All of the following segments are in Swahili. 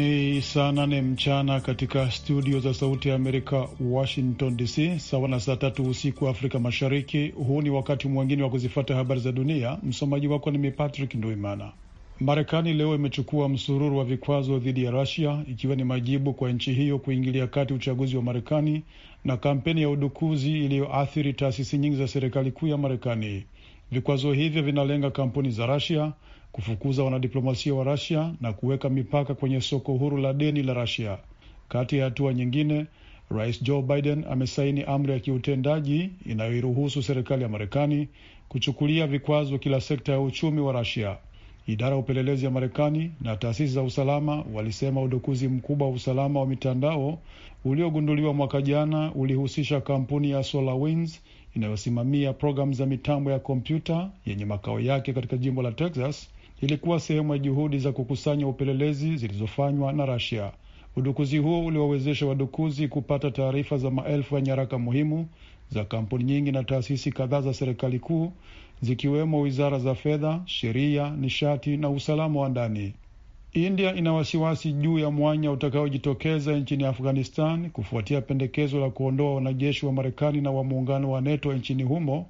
Ni saa nane mchana katika studio za Sauti ya Amerika, Washington DC, sawa na saa tatu usiku Afrika Mashariki. Huu ni wakati mwingine wa kuzifata habari za dunia. Msomaji wako nimi Patrick Nduimana. Marekani leo imechukua msururu wa vikwazo dhidi ya rasia ikiwa ni majibu kwa nchi hiyo kuingilia kati uchaguzi wa Marekani na kampeni ya udukuzi iliyoathiri taasisi nyingi za serikali kuu ya Marekani. Vikwazo hivyo vinalenga kampuni za rasia kufukuza wanadiplomasia wa Rasia na kuweka mipaka kwenye soko huru la deni la Rasia. Kati ya hatua nyingine, Rais Joe Biden amesaini amri ya kiutendaji inayoiruhusu serikali ya Marekani kuchukulia vikwazo kila sekta ya uchumi wa Rasia. Idara ya upelelezi ya Marekani na taasisi za usalama walisema udukuzi mkubwa wa usalama wa mitandao uliogunduliwa mwaka jana ulihusisha kampuni ya SolarWinds inayosimamia programu za mitambo ya kompyuta yenye makao yake katika jimbo la Texas ilikuwa sehemu ya juhudi za kukusanya upelelezi zilizofanywa na Rasia. Udukuzi huo uliwawezesha wadukuzi kupata taarifa za maelfu ya nyaraka muhimu za kampuni nyingi na taasisi kadhaa za serikali kuu zikiwemo wizara za fedha, sheria, nishati na usalama wa ndani. India ina wasiwasi juu ya mwanya utakaojitokeza nchini Afghanistan kufuatia pendekezo la kuondoa wanajeshi wa Marekani na wa muungano wa NATO nchini humo,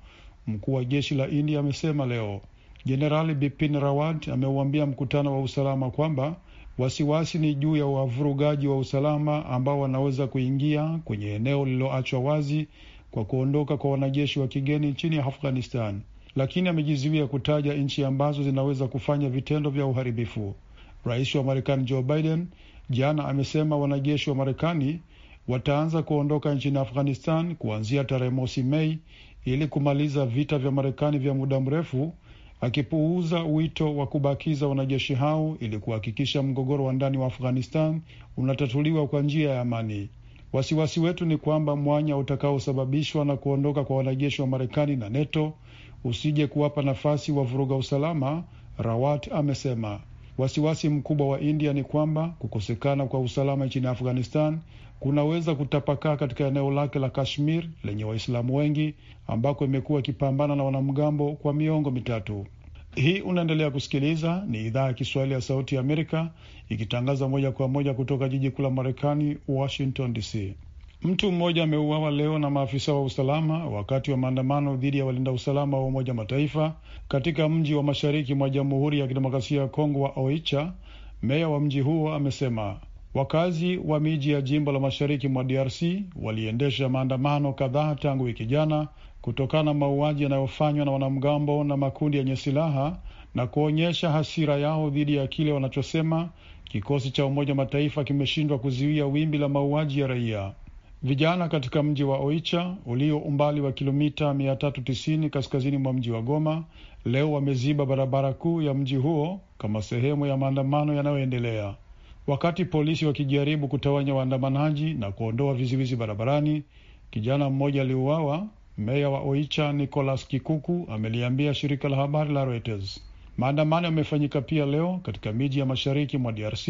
mkuu wa jeshi la India amesema leo. Jenerali Bipin Rawat ameuambia mkutano wa usalama kwamba wasiwasi ni juu ya wavurugaji wa usalama ambao wanaweza kuingia kwenye eneo lililoachwa wazi kwa kuondoka kwa wanajeshi wa kigeni nchini Afghanistan, lakini amejizuia kutaja nchi ambazo zinaweza kufanya vitendo vya uharibifu. Rais wa Marekani Joe Biden jana amesema wanajeshi wa Marekani wataanza kuondoka nchini Afghanistan kuanzia tarehe mosi Mei ili kumaliza vita vya Marekani vya muda mrefu akipuuza wito wa kubakiza wanajeshi hao ili kuhakikisha mgogoro wa ndani wa Afghanistan unatatuliwa kwa njia ya amani. Wasiwasi wetu ni kwamba mwanya utakaosababishwa na kuondoka kwa wanajeshi wa Marekani na NATO usije kuwapa nafasi wavuruga usalama, Rawat amesema. Wasiwasi mkubwa wa India ni kwamba kukosekana kwa usalama nchini Afghanistan kunaweza kutapakaa katika eneo lake la Kashmir lenye Waislamu wengi ambako imekuwa ikipambana na wanamgambo kwa miongo mitatu. Hii unaendelea kusikiliza, ni idhaa ya Kiswahili ya Sauti ya Amerika ikitangaza moja kwa moja kutoka jiji kuu la Marekani, Washington DC. Mtu mmoja ameuawa leo na maafisa wa usalama wakati wa maandamano dhidi ya walinda usalama wa Umoja Mataifa katika mji wa mashariki mwa Jamhuri ya Kidemokrasia ya Kongo wa Oicha. Meya wa mji huo amesema wakazi wa miji ya jimbo la mashariki mwa DRC waliendesha maandamano kadhaa tangu wiki jana kutokana na mauaji yanayofanywa na wanamgambo na makundi yenye silaha na kuonyesha hasira yao dhidi ya kile wanachosema kikosi cha Umoja Mataifa kimeshindwa kuzuia wimbi la mauaji ya raia. Vijana katika mji wa Oicha ulio umbali wa kilomita 390 kaskazini mwa mji wa Goma leo wameziba barabara kuu ya mji huo kama sehemu ya maandamano yanayoendelea. Wakati polisi wakijaribu kutawanya waandamanaji na kuondoa viziwizi barabarani, kijana mmoja aliuawa. Meya wa Oicha Nicolas Kikuku ameliambia shirika la habari la Reuters. Maandamano yamefanyika pia leo katika miji ya mashariki mwa DRC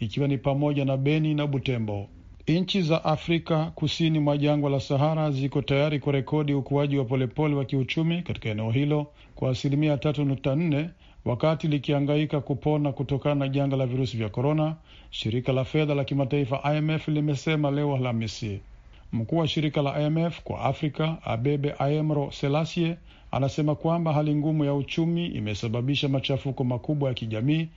ikiwa ni pamoja na Beni na Butembo. Nchi za Afrika kusini mwa jangwa la Sahara ziko tayari kurekodi ukuaji wa polepole wa kiuchumi katika eneo hilo kwa asilimia tatu nukta nne wakati likiangaika kupona kutokana na janga la virusi vya korona, shirika la fedha la kimataifa IMF limesema leo Alhamisi. Mkuu wa shirika la IMF kwa Afrika Abebe Aemro Selasie anasema kwamba hali ngumu ya uchumi imesababisha machafuko makubwa ya kijamii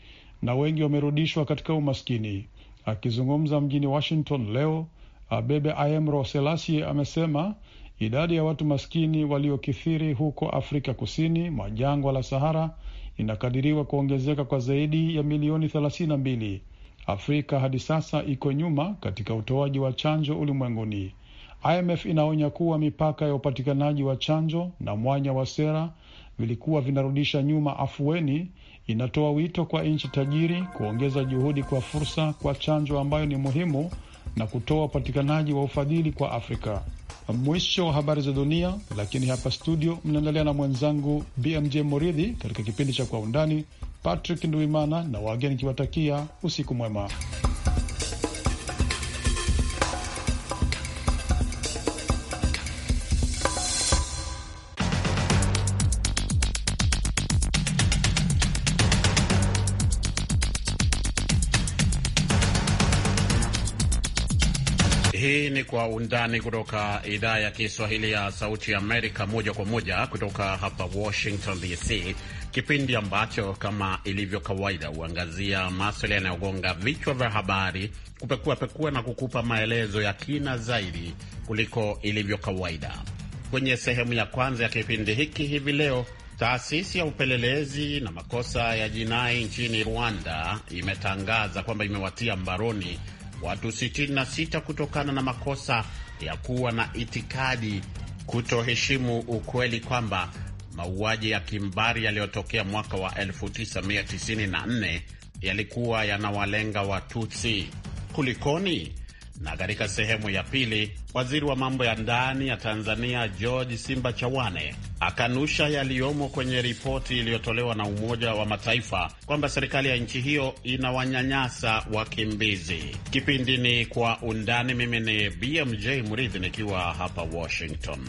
na wengi wamerudishwa katika umaskini. Akizungumza mjini Washington leo, Abebe ayemro Selasie amesema idadi ya watu maskini waliokithiri huko Afrika kusini mwa jangwa la Sahara inakadiriwa kuongezeka kwa zaidi ya milioni 32. Afrika hadi sasa iko nyuma katika utoaji wa chanjo ulimwenguni. IMF inaonya kuwa mipaka ya upatikanaji wa chanjo na mwanya wa sera vilikuwa vinarudisha nyuma afueni inatoa wito kwa nchi tajiri kuongeza juhudi kwa fursa kwa chanjo ambayo ni muhimu na kutoa upatikanaji wa ufadhili kwa Afrika. Mwisho wa habari za dunia, lakini hapa studio mnaendelea na mwenzangu BMJ Moridhi katika kipindi cha Kwa Undani. Patrick Nduimana na wageni kiwatakia usiku mwema. Kwa Undani kutoka idhaa ya Kiswahili ya Sauti Amerika, moja kwa moja kutoka hapa Washington DC, kipindi ambacho kama ilivyo kawaida huangazia maswala yanayogonga vichwa vya habari, kupekuapekua na kukupa maelezo ya kina zaidi kuliko ilivyo kawaida. Kwenye sehemu ya kwanza ya kipindi hiki hivi leo, taasisi ya upelelezi na makosa ya jinai nchini Rwanda imetangaza kwamba imewatia mbaroni watu 66 kutokana na makosa ya kuwa na itikadi kutoheshimu ukweli kwamba mauaji ya kimbari yaliyotokea mwaka wa 1994 yalikuwa yanawalenga Watutsi. Kulikoni? Na katika sehemu ya pili, waziri wa mambo ya ndani ya Tanzania George Simba Chawane akanusha yaliyomo kwenye ripoti iliyotolewa na Umoja wa Mataifa kwamba serikali ya nchi hiyo inawanyanyasa wakimbizi. Kipindi ni Kwa Undani. Mimi ni BMJ Murithi nikiwa hapa Washington.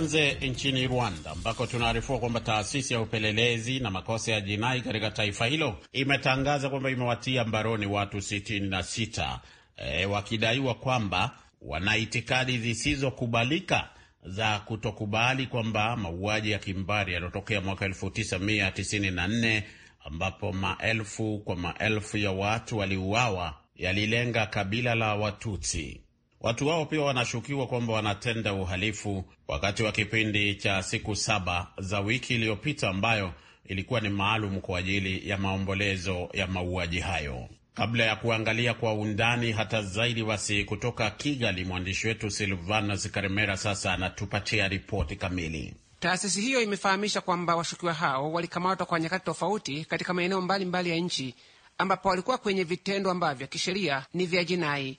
Tuanze nchini Rwanda ambako tunaarifua kwamba taasisi ya upelelezi na makosa ya jinai katika taifa hilo imetangaza kwamba imewatia mbaroni watu 66 e, wakidaiwa kwamba wana itikadi zisizokubalika za kutokubali kwamba mauaji ya kimbari yaliyotokea mwaka 1994 ambapo maelfu kwa maelfu ya watu waliuawa yalilenga kabila la Watutsi. Watu wao pia wanashukiwa kwamba wanatenda uhalifu wakati wa kipindi cha siku saba za wiki iliyopita ambayo ilikuwa ni maalum kwa ajili ya maombolezo ya mauaji hayo. Kabla ya kuangalia kwa undani hata zaidi, basi kutoka Kigali, mwandishi wetu Silvanos Karimera sasa anatupatia ripoti kamili. Taasisi hiyo imefahamisha kwamba washukiwa hao walikamatwa kwa nyakati tofauti katika maeneo mbalimbali ya nchi ambapo walikuwa kwenye vitendo ambavyo kisheria ni vya jinai.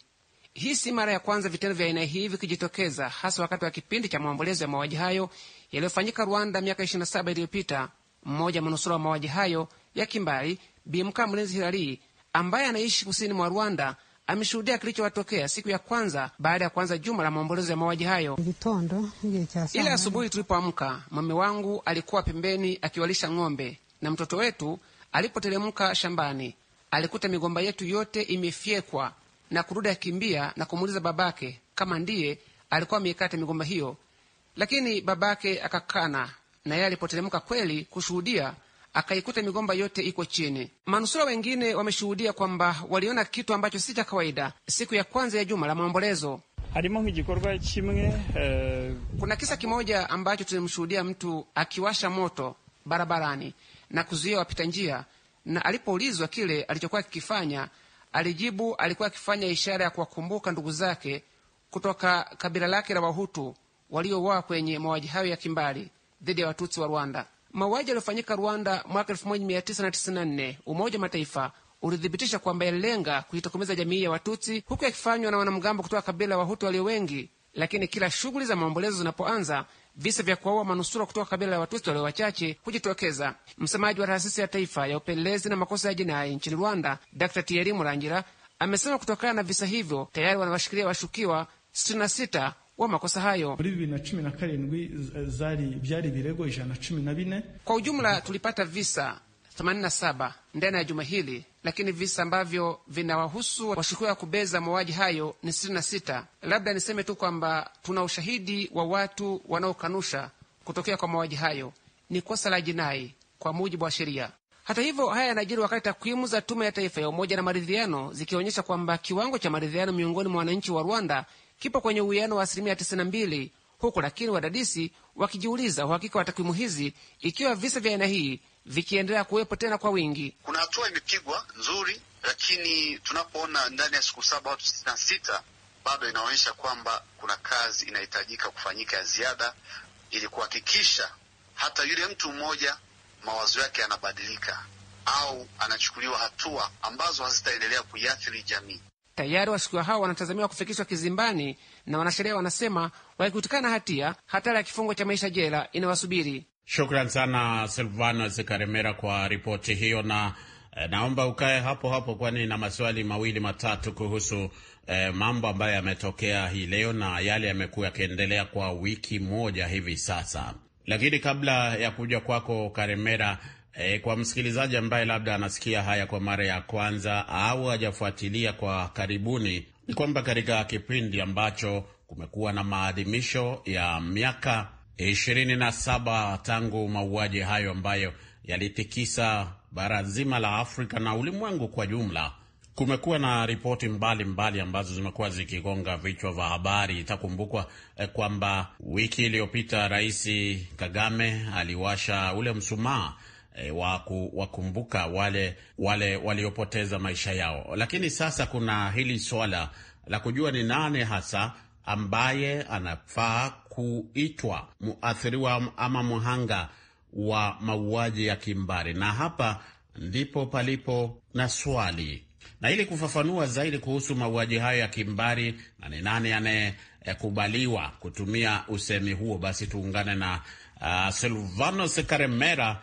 Hii si mara ya kwanza vitendo vya aina hii vikijitokeza, hasa wakati wa kipindi cha maombolezo ya mauaji hayo yaliyofanyika Rwanda miaka 27 iliyopita. Mmoja manusura wa mauaji hayo ya kimbari, Bimka Mlinzi Hilari, ambaye anaishi kusini mwa Rwanda, ameshuhudia kilichowatokea siku ya kwanza baada ya kuanza juma la maombolezo ya mauaji hayo. Ile asubuhi tulipoamka, mume wangu alikuwa pembeni akiwalisha ng'ombe na mtoto wetu alipoteremka shambani alikuta migomba yetu yote imefyekwa na kurudi akikimbia na kumuuliza babake kama ndiye alikuwa ameikata migomba hiyo, lakini babake akakana, na yeye alipoteremka kweli kushuhudia akaikuta migomba yote iko chini. Manusura wengine wameshuhudia kwamba waliona kitu ambacho si cha kawaida siku ya kwanza ya juma la maombolezo. Eh, Kuna kisa kimoja ambacho tulimshuhudia mtu akiwasha moto barabarani na kuzuia wapita njia, na alipoulizwa kile alichokuwa kikifanya alijibu alikuwa akifanya ishara ya kuwakumbuka ndugu zake kutoka kabila lake la Wahutu waliouawa kwenye mauaji hayo ya kimbali dhidi ya Watutsi wa Rwanda. Mauaji yaliyofanyika Rwanda mwaka 1994 Umoja wa Mataifa ulithibitisha kwamba yalilenga kuitokomeza jamii ya Watutsi, huku yakifanywa na wanamgambo kutoka kabila la Wahutu walio wengi. Lakini kila shughuli za maombolezo zinapoanza visa vya kuwaua manusura kutoka kabila la watusi walio wachache hujitokeza. Msemaji wa taasisi ya taifa ya upelelezi na makosa ya jinai nchini Rwanda, Dr Thierry Murangira, amesema kutokana na visa hivyo tayari wanawashikilia washukiwa 66 wa makosa hayo. Kwa ujumla tulipata visa 87 ndani ya juma hili, lakini visa ambavyo vinawahusu washukiwa wa kubeza mauaji hayo ni 66. Labda niseme tu kwamba tuna ushahidi wa watu wanaokanusha kutokea kwa mauaji hayo. Ni kosa la jinai kwa mujibu wa sheria. Hata hivyo, haya yanajiri wakati takwimu za Tume ya Taifa ya Umoja na Maridhiano zikionyesha kwamba kiwango cha maridhiano miongoni mwa wananchi wa Rwanda kipo kwenye uwiano wa asilimia 92, huku lakini wadadisi wakijiuliza uhakika wa takwimu hizi, ikiwa visa vya aina hii vikiendelea kuwepo tena kwa wingi. Kuna hatua imepigwa nzuri, lakini tunapoona ndani ya siku saba watu sitini na sita bado inaonyesha kwamba kuna kazi inahitajika kufanyika ya ziada ili kuhakikisha hata yule mtu mmoja mawazo yake yanabadilika au anachukuliwa hatua ambazo hazitaendelea kuiathiri jamii. Tayari washukiwa hao wanatazamiwa kufikishwa kizimbani, na wanasheria wanasema wakikutikana hatia, hatari ya kifungo cha maisha jela inawasubiri. Shukran sana silvanos Karemera kwa ripoti hiyo, na eh, naomba ukae hapo hapo, kwani na maswali mawili matatu kuhusu eh, mambo ambayo yametokea hii leo na yale yamekuwa yakiendelea kwa wiki moja hivi sasa. Lakini kabla ya kuja kwako Karemera, eh, kwa msikilizaji ambaye labda anasikia haya kwa mara ya kwanza au hajafuatilia kwa karibuni, ni kwamba katika kipindi ambacho kumekuwa na maadhimisho ya miaka ishirini na saba tangu mauaji hayo ambayo yalitikisa bara zima la Afrika na ulimwengu kwa jumla. Kumekuwa na ripoti mbalimbali ambazo zimekuwa zikigonga vichwa vya habari. Itakumbukwa eh, kwamba wiki iliyopita Rais Kagame aliwasha ule msumaa eh, wa kuwakumbuka wale wale waliopoteza maisha yao, lakini sasa kuna hili swala la kujua ni nani hasa ambaye anafaa kuitwa muathiriwa ama mhanga wa mauaji ya kimbari, na hapa ndipo palipo na swali. Na ili kufafanua zaidi kuhusu mauaji hayo ya kimbari na ni nani anayekubaliwa kutumia usemi huo, basi tuungane na uh, Silvanos Karemera.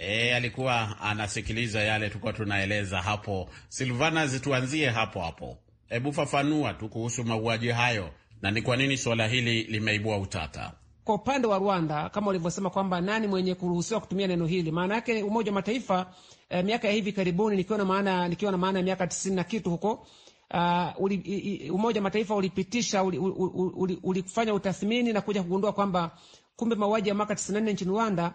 E, alikuwa anasikiliza yale tulikuwa tunaeleza hapo. Silvanas, tuanzie hapo hapo, hebu fafanua tu kuhusu mauaji hayo na ni kwa nini suala hili limeibua utata. Kwa upande wa Rwanda, kama ulivyosema kwamba nani mwenye kuruhusiwa kutumia neno hili, maana yake Umoja wa Mataifa eh, miaka ya hivi karibuni, nikiwa na maana nikiwa na maana ya miaka tisini na kitu huko Uh, uli, Umoja Mataifa ulipitisha ulifanya uli, uli, uli utathmini na kuja kugundua kwamba kumbe mauaji ya mwaka 94 nchini Rwanda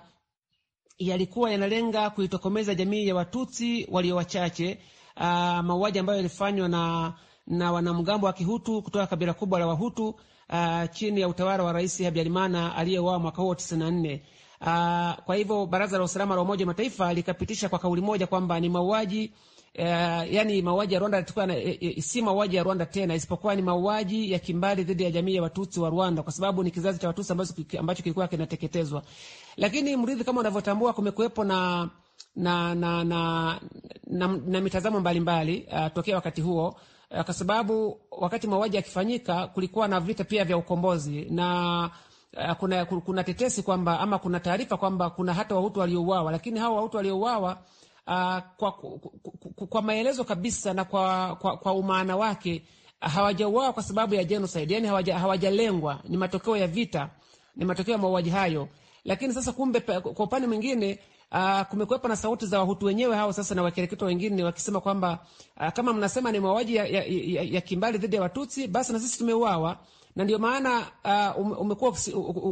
yalikuwa yanalenga kuitokomeza jamii ya Watutsi walio wachache, uh, mauaji ambayo yalifanywa na na wanamgambo wa Kihutu kutoka kabila kubwa la Wahutu uh, chini ya utawala wa Rais Habyarimana aliyeuawa mwaka huo 94. Uh, kwa hivyo Baraza la Usalama la Umoja wa Mataifa likapitisha kwa kauli moja kwamba ni mauaji uh, yani mauaji ya Rwanda yalikuwa e, e, si mauaji ya Rwanda tena, isipokuwa ni mauaji ya kimbali dhidi ya jamii ya Watutsi wa Rwanda, kwa sababu ni kizazi cha Watutsi ambacho, ambacho kilikuwa kinateketezwa. Lakini mridhi, kama unavyotambua, kumekuwepo na na na na, na, na, na mitazamo mbalimbali uh, tokea wakati huo Eh, kwa sababu wakati mauaji yakifanyika kulikuwa na vita pia vya ukombozi na eh, kuna, kuna tetesi kwamba ama kuna taarifa kwamba kuna hata Wahutu waliouawa, lakini hawa Wahutu waliouawa uh, kwa, kwa, kwa maelezo kabisa na kwa, kwa, kwa umaana wake hawajauawa kwa sababu ya genocide, yani hawaja, hawajalengwa. Ni matokeo ya vita, ni matokeo ya mauaji hayo. Lakini sasa kumbe, kwa upande mwingine Ah, kumekuwepo na sauti za wahutu wenyewe hao sasa na wakereketwa wengine wakisema kwamba uh, kama mnasema ni mauaji ya, ya, ya, ya kimbali dhidi ya Watutsi, basi na sisi tumeuawa, na ndio maana uh, umekuwa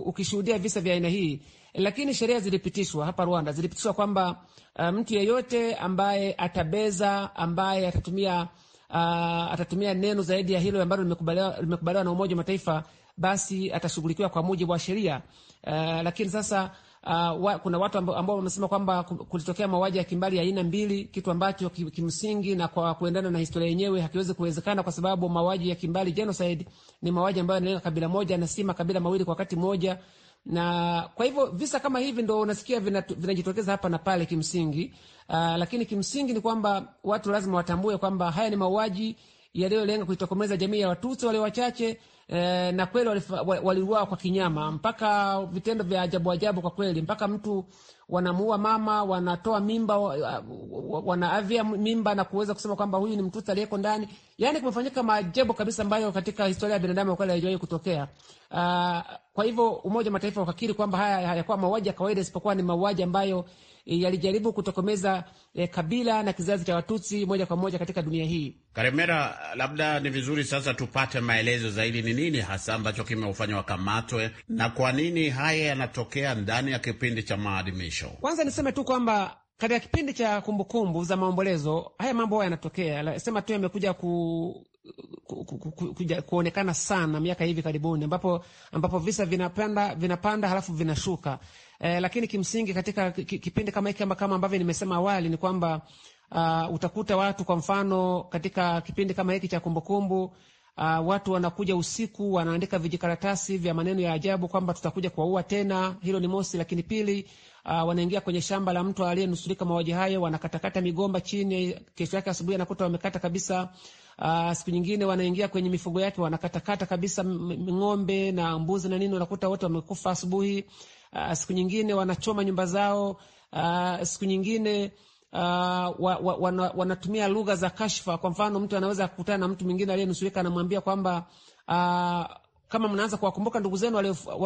ukishuhudia visa vya aina hii. Lakini sheria zilipitishwa hapa Rwanda, zilipitishwa kwamba uh, mtu yeyote ambaye atabeza, ambaye atatumia uh, atatumia neno zaidi ya hilo ambalo limekubaliwa na Umoja wa Mataifa, basi atashughulikiwa kwa mujibu wa sheria uh, lakini sasa Uh, wa, kuna watu ambao wamesema kwamba kulitokea mauaji ya kimbali ya aina mbili, kitu ambacho kimsingi na kwa kuendana na historia yenyewe hakiwezi kuwezekana, kwa sababu mauaji ya kimbali genocide ni mauaji ambayo yanalenga kabila moja na si makabila mawili kwa wakati mmoja, na kwa hivyo visa kama hivi ndo unasikia vinajitokeza vina hapa na pale kimsingi. Uh, lakini kimsingi ni kwamba watu lazima watambue kwamba haya ni mauaji yaliyolenga kuitokomeza jamii ya Watutsi wale wachache Eh, na kweli waliuawa kwa kinyama, mpaka vitendo vya ajabu ajabu kwa kweli, mpaka mtu wanamuua mama, wanatoa mimba, wanaavya mimba na kuweza kusema kwamba huyu ni mtoto aliyeko ndani. Yani kumefanyika maajabu kabisa ambayo katika historia ya binadamu kwa kweli haijawahi kutokea. Uh, kwa hivyo Umoja wa Mataifa ukakiri kwamba haya hayakuwa mauaji ya kawaida, isipokuwa ni mauaji ambayo eh, yalijaribu kutokomeza eh, kabila na kizazi cha Watutsi moja kwa moja katika dunia hii. Karemera, labda ni vizuri sasa tupate maelezo zaidi, ni nini hasa ambacho kimeufanya wakamatwe na kwa nini haya yanatokea ndani ya kipindi cha maadhimisho? Kwanza niseme tu kwamba katika kipindi cha kumbukumbu -kumbu za maombolezo haya mambo hayo yanatokea. Sema tu yamekuja ku, ku, ku, ku, ku, kuonekana sana miaka hivi karibuni, ambapo ambapo visa vinapanda vinapanda halafu vinashuka eh, lakini kimsingi katika kipindi kama hiki kama ambavyo nimesema awali ni kwamba uh, utakuta watu kwa mfano katika kipindi kama hiki cha kumbukumbu Uh, watu wanakuja usiku wanaandika vijikaratasi vya maneno ya ajabu kwamba tutakuja kuwaua tena. Hilo ni mosi, lakini pili uh, wanaingia kwenye shamba la mtu aliyenusurika mauaji hayo, wanakatakata migomba chini. Kesho yake asubuhi anakuta wamekata kabisa. Uh, siku nyingine wanaingia kwenye mifugo yake wanakatakata kabisa ng'ombe na mbuzi na nini, wanakuta wote wamekufa asubuhi. Uh, siku nyingine wanachoma nyumba zao. Uh, siku nyingine Uh, wa, wa, wana, wanatumia lugha za kashfa. Kwa mfano, mtu anaweza kukutana na mtu mwingine aliyenusurika, anamwambia kwamba kama mnaanza kuwakumbuka ndugu zenu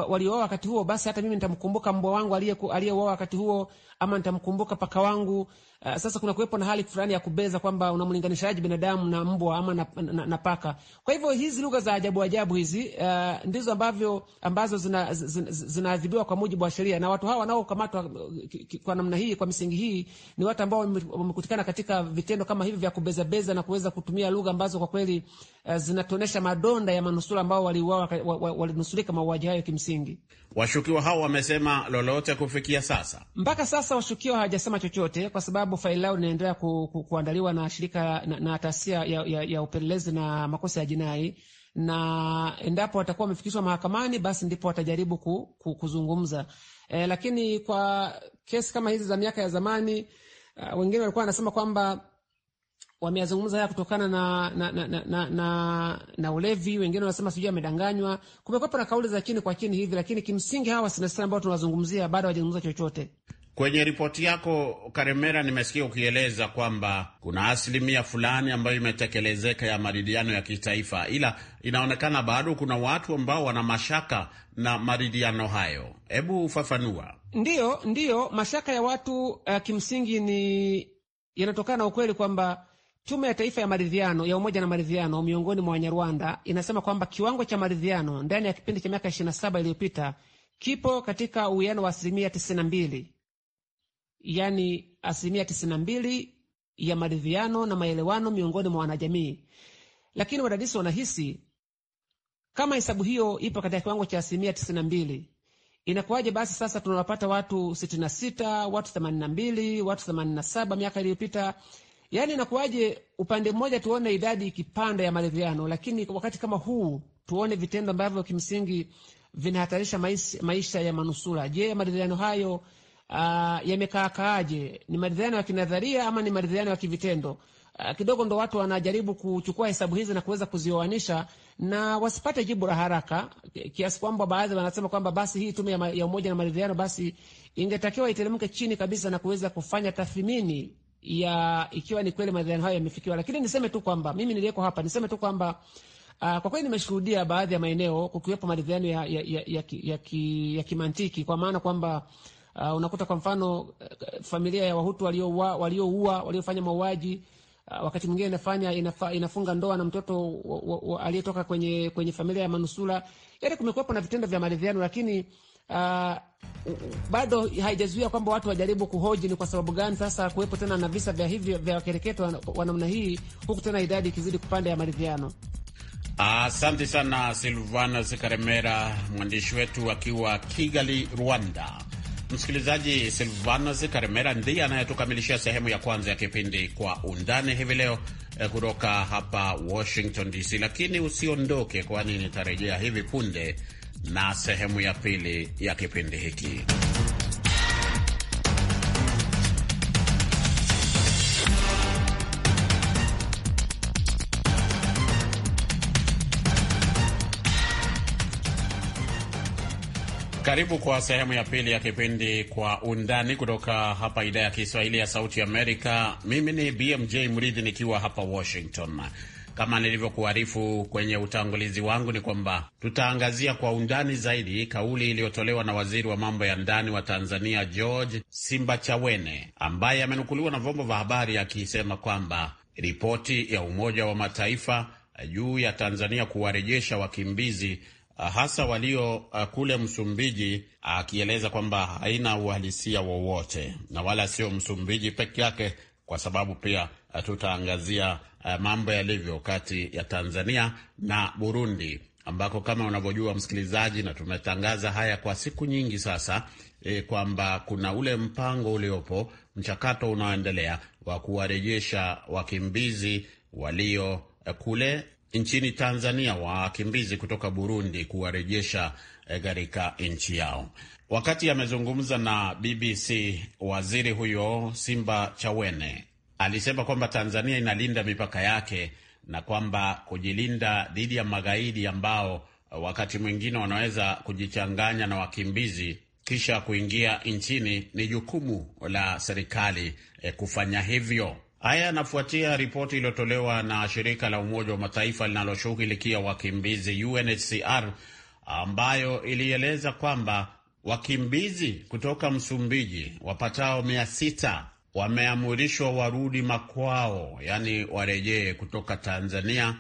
waliooa wakati huo, basi hata mimi nitamkumbuka mbwa wangu aliyeoa wakati huo, ama nitamkumbuka paka wangu Eh, sasa kuna kuwepo na hali fulani ya kubeza kwamba unamlinganishaji binadamu na mbwa ama na, na, na paka. Kwa hivyo hizi lugha za ajabu ajabu hizi uh, ndizo ambavyo ambazo zinaadhibiwa zina, zina, kwa mujibu wa sheria, na watu hawa wanaokamatwa eh, kwa namna hii, kwa misingi hii, ni watu ambao wamekutikana katika vitendo kama hivi vya beza na kuweza kutumia lugha ambazo kwa kweli uh, zinatonesha madonda ya manusura ambao waliuawa walinusurika mauaji hayo kimsingi. Washukiwa hao wamesema lolote kufikia sasa? Mpaka sasa washukiwa hawajasema chochote, kwa sababu faili lao linaendelea ku, ku, kuandaliwa na shirika na, na taasisi ya, ya, ya upelelezi na makosa ya jinai, na endapo watakuwa wamefikishwa mahakamani, basi ndipo watajaribu ku, ku, kuzungumza e, lakini kwa kesi kama hizi za miaka ya zamani uh, wengine walikuwa wanasema kwamba wameyazungumza haya kutokana na na, na, na, na, na, na ulevi. Wengine wanasema sijui amedanganywa. Kumekwepo na kauli za chini kwa chini hivi, lakini kimsingi hawa wasinasita ambao tunawazungumzia bado hawajazungumza chochote. Kwenye ripoti yako Karemera, nimesikia ukieleza kwamba kuna asilimia fulani ambayo imetekelezeka ya maridhiano ya kitaifa, ila inaonekana bado kuna watu ambao wana mashaka na maridhiano hayo. Hebu ufafanua. Ndiyo, ndiyo, mashaka ya watu uh, kimsingi ni yanatokana na ukweli kwamba Tume ya Taifa ya Maridhiano ya Umoja na Maridhiano miongoni mwa Wanyarwanda inasema kwamba kiwango cha maridhiano ndani ya kipindi cha miaka 27 iliyopita kipo katika uwiano wa asilimia 92, yani asilimia 92 ya maridhiano na maelewano miongoni mwa wanajamii. Lakini wadadisi wanahisi kama hesabu hiyo ipo katika kiwango cha asilimia 92, inakuwaje basi sasa tunawapata watu 66, watu 82, watu 87 miaka iliyopita Yaani inakuwaje upande mmoja tuone idadi ikipanda ya maridhiano, lakini wakati kama huu tuone vitendo ambavyo kimsingi vinahatarisha maisha ya manusura. Je, maridhiano hayo uh, yamekaakaaje? Ni maridhiano ya kinadharia ama ni maridhiano ya kivitendo? Uh, kidogo ndo watu wanajaribu kuchukua hesabu hizi na kuweza kuzioanisha na wasipate jibu la haraka, kiasi kwamba baadhi wanasema kwamba basi hii tume ya, umoja na maridhiano basi ingetakiwa iteremke chini kabisa na kuweza kufanya tathmini ya ikiwa ni kweli maridhiano hayo yamefikiwa. Lakini niseme tu kwamba mimi niliyeko hapa, niseme tu kwamba uh, kwa kweli nimeshuhudia baadhi ya maeneo kukiwepo maridhiano ya, ya, ya, ya, ya, ki, ya kimantiki kwa maana kwamba uh, unakuta kwa mfano uh, familia ya Wahutu walioua walio waliofanya mauaji uh, wakati mwingine inafanya inafa, inafunga ndoa na mtoto aliyetoka kwenye, kwenye familia ya manusula. Yani kumekuwepo na vitendo vya maridhiano lakini uh, bado haijazuia kwamba watu wajaribu kuhoji ni kwa sababu gani sasa kuwepo tena na visa vya hivyo vya wakereketo wa namna hii, huku tena idadi ikizidi kupanda ya maridhiano. Asante sana Silvanas Karemera, mwandishi wetu akiwa Kigali, Rwanda. Msikilizaji, Silvanas Karemera ndiye anayetukamilishia sehemu ya kwanza ya kipindi Kwa Undani hivi leo eh, kutoka hapa Washington DC, lakini usiondoke, kwani nitarejea hivi punde na sehemu ya pili ya kipindi hiki. Karibu kwa sehemu ya pili ya kipindi Kwa Undani kutoka hapa idhaa ya Kiswahili ya Sauti Amerika. Mimi ni BMJ Mridhi nikiwa hapa Washington. Kama nilivyokuarifu kwenye utangulizi wangu, ni kwamba tutaangazia kwa undani zaidi kauli iliyotolewa na waziri wa mambo ya ndani wa Tanzania George Simbachawene, ambaye amenukuliwa na vyombo vya habari akisema kwamba ripoti ya Umoja wa Mataifa juu ya Tanzania kuwarejesha wakimbizi hasa walio eh, kule Msumbiji, akieleza kwamba haina uhalisia wowote na wala sio Msumbiji peke yake, kwa sababu pia Eh, tutaangazia uh, mambo yalivyo kati ya Tanzania na Burundi ambako kama unavyojua msikilizaji, na tumetangaza haya kwa siku nyingi sasa e, kwamba kuna ule mpango uliopo, mchakato unaoendelea wa kuwarejesha wakimbizi walio kule nchini Tanzania, wakimbizi kutoka Burundi, kuwarejesha katika e, nchi yao. Wakati amezungumza ya na BBC, waziri huyo Simba Chawene Alisema kwamba Tanzania inalinda mipaka yake na kwamba kujilinda dhidi ya magaidi ambao uh, wakati mwingine wanaweza kujichanganya na wakimbizi kisha kuingia nchini ni jukumu la serikali eh, kufanya hivyo. Haya yanafuatia ripoti iliyotolewa na shirika la Umoja wa Mataifa linaloshughulikia wakimbizi UNHCR ambayo ilieleza kwamba wakimbizi kutoka Msumbiji wapatao mia sita wameamurishwa warudi makwao, yaani warejee kutoka Tanzania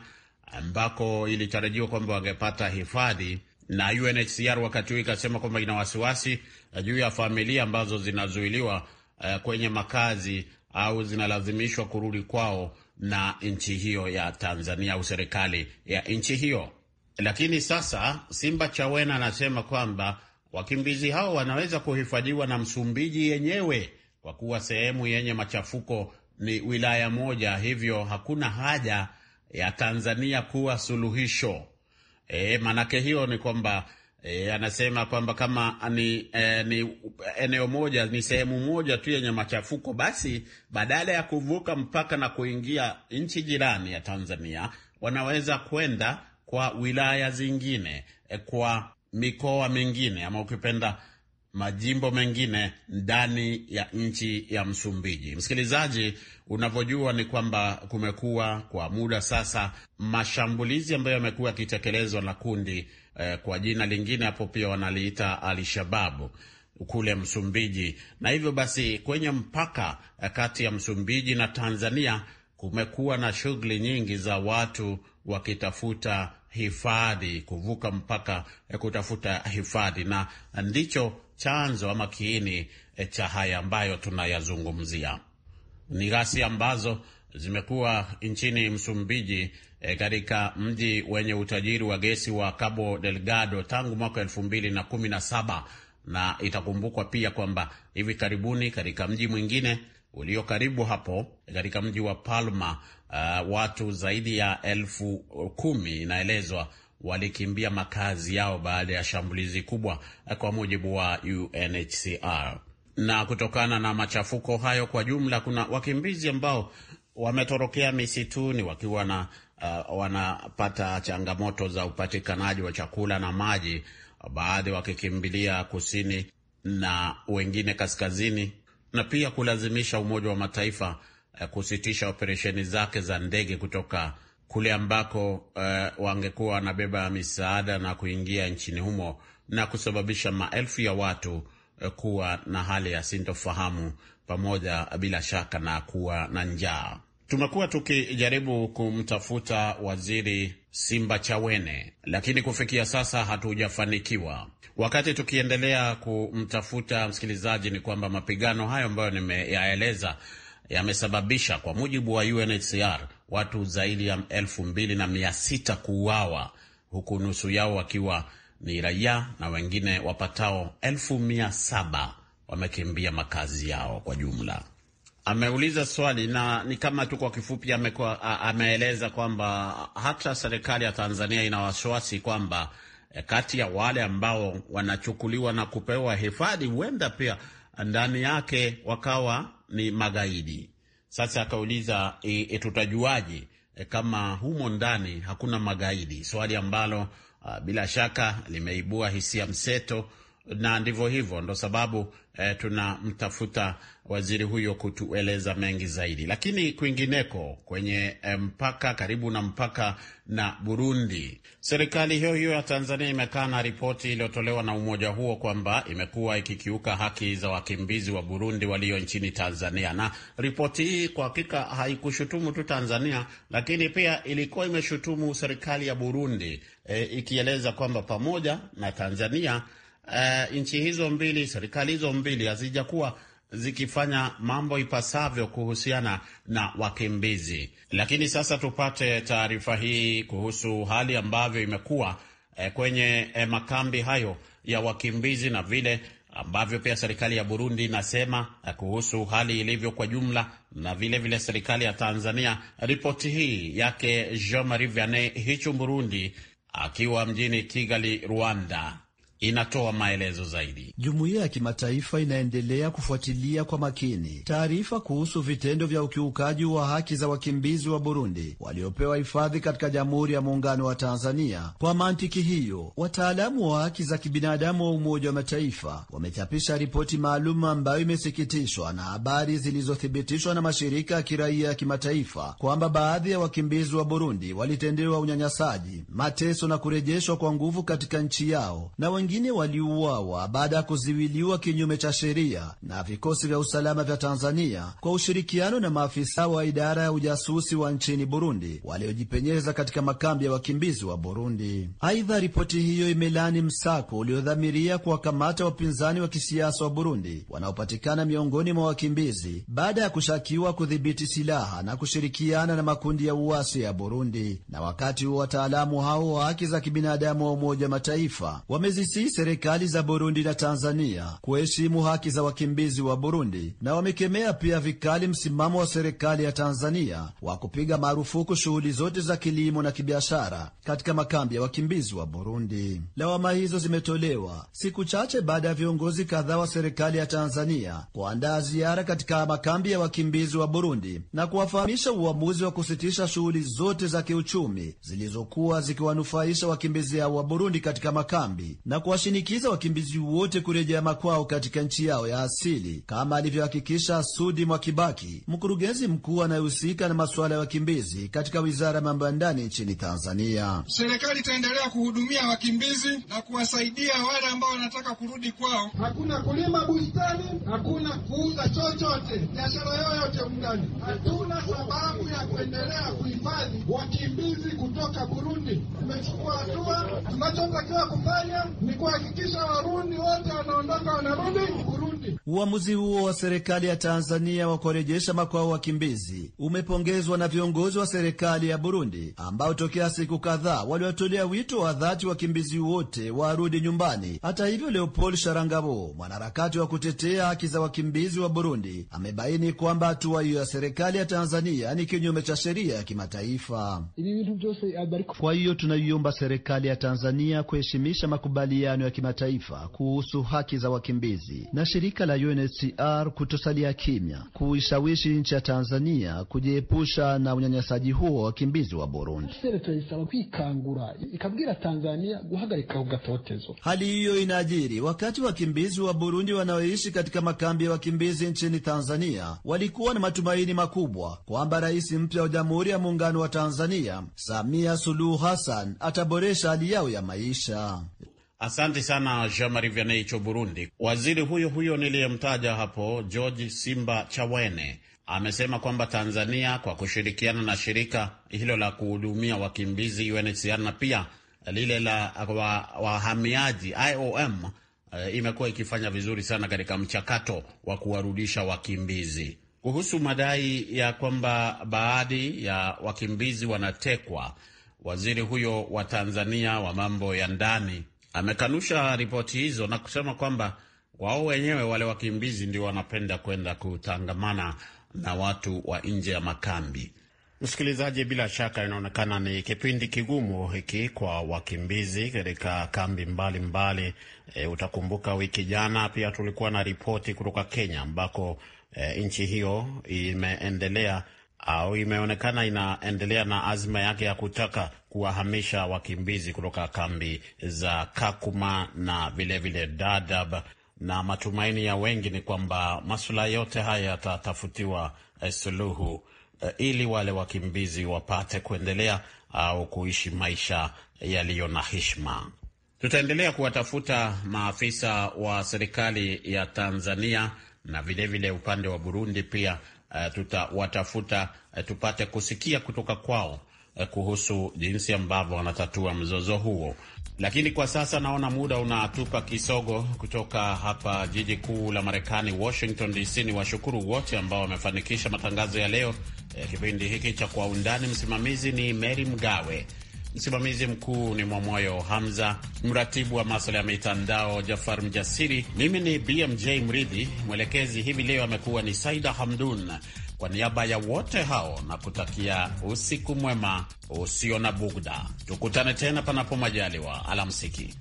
ambako ilitarajiwa kwamba wangepata hifadhi, na UNHCR wakati huu ikasema kwamba ina wasiwasi eh, juu ya familia ambazo zinazuiliwa uh, kwenye makazi au zinalazimishwa kurudi kwao na nchi hiyo ya Tanzania au serikali ya nchi hiyo. Lakini sasa Simba Chawena anasema kwamba wakimbizi hao wanaweza kuhifadhiwa na Msumbiji yenyewe kwa kuwa sehemu yenye machafuko ni wilaya moja, hivyo hakuna haja ya Tanzania kuwa suluhisho. E, maanake hiyo ni kwamba e, anasema kwamba kama ni, e, ni eneo moja ni sehemu moja tu yenye machafuko, basi badala ya kuvuka mpaka na kuingia nchi jirani ya Tanzania wanaweza kwenda kwa wilaya zingine, e, kwa mikoa mingine ama ukipenda majimbo mengine ndani ya nchi ya Msumbiji. Msikilizaji, unavyojua ni kwamba kumekuwa kwa muda sasa mashambulizi ambayo yamekuwa yakitekelezwa na kundi eh, kwa jina lingine hapo pia wanaliita Alshababu kule Msumbiji, na hivyo basi kwenye mpaka eh, kati ya Msumbiji na Tanzania kumekuwa na shughuli nyingi za watu wakitafuta hifadhi, kuvuka mpaka eh, kutafuta hifadhi, na ndicho chanzo ama kiini e, cha haya ambayo tunayazungumzia. Ni ghasia ambazo zimekuwa nchini Msumbiji e, katika mji wenye utajiri wa gesi wa Cabo Delgado tangu mwaka elfu mbili na kumi na saba na itakumbukwa pia kwamba hivi karibuni katika mji mwingine ulio karibu hapo katika mji wa Palma, uh, watu zaidi ya elfu kumi inaelezwa walikimbia makazi yao baada ya shambulizi kubwa, kwa mujibu wa UNHCR. Na kutokana na machafuko hayo kwa jumla, kuna wakimbizi ambao wametorokea misituni wakiwa na uh, wanapata changamoto za upatikanaji wa chakula na maji, baadhi wakikimbilia kusini na wengine kaskazini, na pia kulazimisha Umoja wa Mataifa uh, kusitisha operesheni zake za ndege kutoka kule ambako uh, wangekuwa wanabeba misaada na kuingia nchini humo na kusababisha maelfu ya watu uh, kuwa na hali ya sintofahamu pamoja bila shaka na kuwa na njaa. Tumekuwa tukijaribu kumtafuta waziri Simba Chawene, lakini kufikia sasa hatujafanikiwa. Wakati tukiendelea kumtafuta, msikilizaji, ni kwamba mapigano hayo ambayo nimeyaeleza yamesababisha, kwa mujibu wa UNHCR, watu zaidi ya elfu mbili na mia sita kuuawa huku nusu yao wakiwa ni raia na wengine wapatao elfu mia saba wamekimbia makazi yao kwa jumla. Ameuliza swali na ni kama tu kwa kifupi ameeleza kwamba hata serikali ya Tanzania ina wasiwasi kwamba e, kati ya wale ambao wanachukuliwa na kupewa hifadhi huenda pia ndani yake wakawa ni magaidi. Sasa akauliza e, e, tutajuaje e, kama humo ndani hakuna magaidi, swali ambalo a, bila shaka limeibua hisia mseto na ndivyo hivyo, ndo sababu eh, tunamtafuta waziri huyo kutueleza mengi zaidi. Lakini kwingineko kwenye eh, mpaka karibu na mpaka na Burundi, serikali hiyo hiyo ya Tanzania imekaa na ripoti iliyotolewa na umoja huo kwamba imekuwa ikikiuka haki za wakimbizi wa Burundi walio nchini Tanzania. Na ripoti hii kwa hakika haikushutumu tu Tanzania, lakini pia ilikuwa imeshutumu serikali ya Burundi eh, ikieleza kwamba pamoja na Tanzania uh, nchi hizo mbili, serikali hizo mbili hazijakuwa zikifanya mambo ipasavyo kuhusiana na wakimbizi. Lakini sasa tupate taarifa hii kuhusu hali ambavyo imekuwa eh, kwenye eh, makambi hayo ya wakimbizi na vile ambavyo pia serikali ya Burundi inasema eh, kuhusu hali ilivyo kwa jumla na vile vile serikali ya Tanzania. Ripoti hii yake Jean Marie Vianney Hichu Burundi akiwa mjini Kigali, Rwanda inatoa maelezo zaidi. Jumuiya ya kimataifa inaendelea kufuatilia kwa makini taarifa kuhusu vitendo vya ukiukaji wa haki za wakimbizi wa Burundi waliopewa hifadhi katika Jamhuri ya Muungano wa Tanzania. Kwa mantiki hiyo, wataalamu wa haki za kibinadamu wa Umoja wa Mataifa wamechapisha ripoti maalum ambayo imesikitishwa na habari zilizothibitishwa na mashirika ya kiraia ya kimataifa kwamba baadhi ya wakimbizi wa Burundi walitendewa unyanyasaji, mateso na kurejeshwa kwa nguvu katika nchi yao na wengine waliuawa baada ya kuziwiliwa kinyume cha sheria na vikosi vya usalama vya Tanzania kwa ushirikiano na maafisa wa idara ya ujasusi wa nchini Burundi waliojipenyeza katika makambi ya wakimbizi wa Burundi. Aidha, ripoti hiyo imelani msako uliodhamiria kuwakamata wapinzani wa kisiasa wa Burundi wanaopatikana miongoni mwa wakimbizi baada ya kushakiwa kudhibiti silaha na kushirikiana na makundi ya uasi ya Burundi. Na wakati huo wataalamu hao wa haki za kibinadamu wa Umoja Mataifa wamezi wamezisihi serikali za Burundi na Tanzania kuheshimu haki za wakimbizi wa Burundi na wamekemea pia vikali msimamo wa serikali ya Tanzania wa kupiga marufuku shughuli zote za kilimo na kibiashara katika makambi ya wakimbizi wa Burundi. Lawama hizo zimetolewa siku chache baada ya viongozi kadhaa wa serikali ya Tanzania kuandaa ziara katika makambi ya wakimbizi wa Burundi na kuwafahamisha uamuzi wa kusitisha shughuli zote za kiuchumi zilizokuwa zikiwanufaisha wakimbizi hao wa Burundi katika makambi na kuwashinikiza wakimbizi wote kurejea makwao katika nchi yao ya asili, kama alivyohakikisha Sudi Mwakibaki, mkurugenzi mkuu anayehusika na masuala ya wakimbizi katika wizara ya mambo ya ndani nchini Tanzania. Serikali itaendelea kuhudumia wakimbizi na kuwasaidia wale ambao wanataka kurudi kwao. Hakuna kulima bustani, hakuna kuuza chochote, biashara yoyote mndani. Hatuna sababu ya kuendelea kuhifadhi wakimbizi kutoka Burundi. Tumechukua hatua, tunachotakiwa kufanya ni ni kuhakikisha Warundi wote wanaondoka wanarudi Uamuzi huo wa serikali ya Tanzania wa kuwarejesha makwao wakimbizi umepongezwa na viongozi wa serikali ya Burundi ambao tokea siku kadhaa waliwatolea wito wa dhati wakimbizi wote warudi nyumbani. Hata hivyo, Leopold Sharangabo, mwanaharakati wa kutetea haki za wakimbizi wa Burundi, amebaini kwamba hatua hiyo ya serikali ya Tanzania ni kinyume cha sheria ya kimataifa. Eh, kwa hiyo tunaiomba serikali ya Tanzania kuheshimisha makubaliano ya kimataifa kuhusu haki za wakimbizi na shirika shirika la UNHCR kutosalia kimya kuishawishi nchi ya Tanzania kujiepusha na unyanyasaji huo wa wakimbizi wa Burundi. Hali hiyo inaajiri wakati wakimbizi wa Burundi wanaoishi katika makambi ya wakimbizi nchini Tanzania walikuwa na matumaini makubwa kwamba rais mpya wa Jamhuri ya Muungano wa Tanzania Samia Suluhu Hassan ataboresha hali yao ya maisha. Asante sana Jean-Marie Vianney cho Burundi. Waziri huyo huyo niliyemtaja hapo George Simba Chawene amesema kwamba Tanzania kwa kushirikiana na shirika hilo la kuhudumia wakimbizi UNHCR na pia lile la wahamiaji wa IOM e, eh, imekuwa ikifanya vizuri sana katika mchakato wa kuwarudisha wakimbizi. Kuhusu madai ya kwamba baadhi ya wakimbizi wanatekwa, waziri huyo wa Tanzania wa mambo ya ndani amekanusha ripoti hizo na kusema kwamba wao wenyewe wale wakimbizi ndio wanapenda kwenda kutangamana na watu wa nje ya makambi. Msikilizaji, bila shaka inaonekana ni kipindi kigumu hiki kwa wakimbizi katika kambi mbalimbali mbali. E, utakumbuka wiki jana pia tulikuwa na ripoti kutoka Kenya ambako e, nchi hiyo imeendelea au imeonekana inaendelea na azma yake ya kutaka kuwahamisha wakimbizi kutoka kambi za Kakuma na vilevile vile Dadaab, na matumaini ya wengi ni kwamba masuala yote haya yatatafutiwa eh, suluhu eh, ili wale wakimbizi wapate kuendelea au kuishi maisha yaliyo na heshima. Tutaendelea kuwatafuta maafisa wa serikali ya Tanzania na vilevile vile upande wa Burundi pia uh, tutawatafuta uh, tupate kusikia kutoka kwao uh, kuhusu jinsi ambavyo wanatatua mzozo huo. Lakini kwa sasa naona muda unatupa kisogo. Kutoka hapa jiji kuu la Marekani, Washington DC, ni washukuru wote ambao wamefanikisha matangazo ya leo. kipindi hiki cha Kwa Undani, msimamizi ni Mary Mgawe. Msimamizi mkuu ni Mwamoyo Hamza, mratibu wa maswala ya mitandao Jafar Mjasiri, mimi ni BMJ Mridhi, mwelekezi hivi leo amekuwa ni Saida Hamdun. Kwa niaba ya wote hao na kutakia usiku mwema usio na bugda, tukutane tena panapo majaliwa. Alamsiki.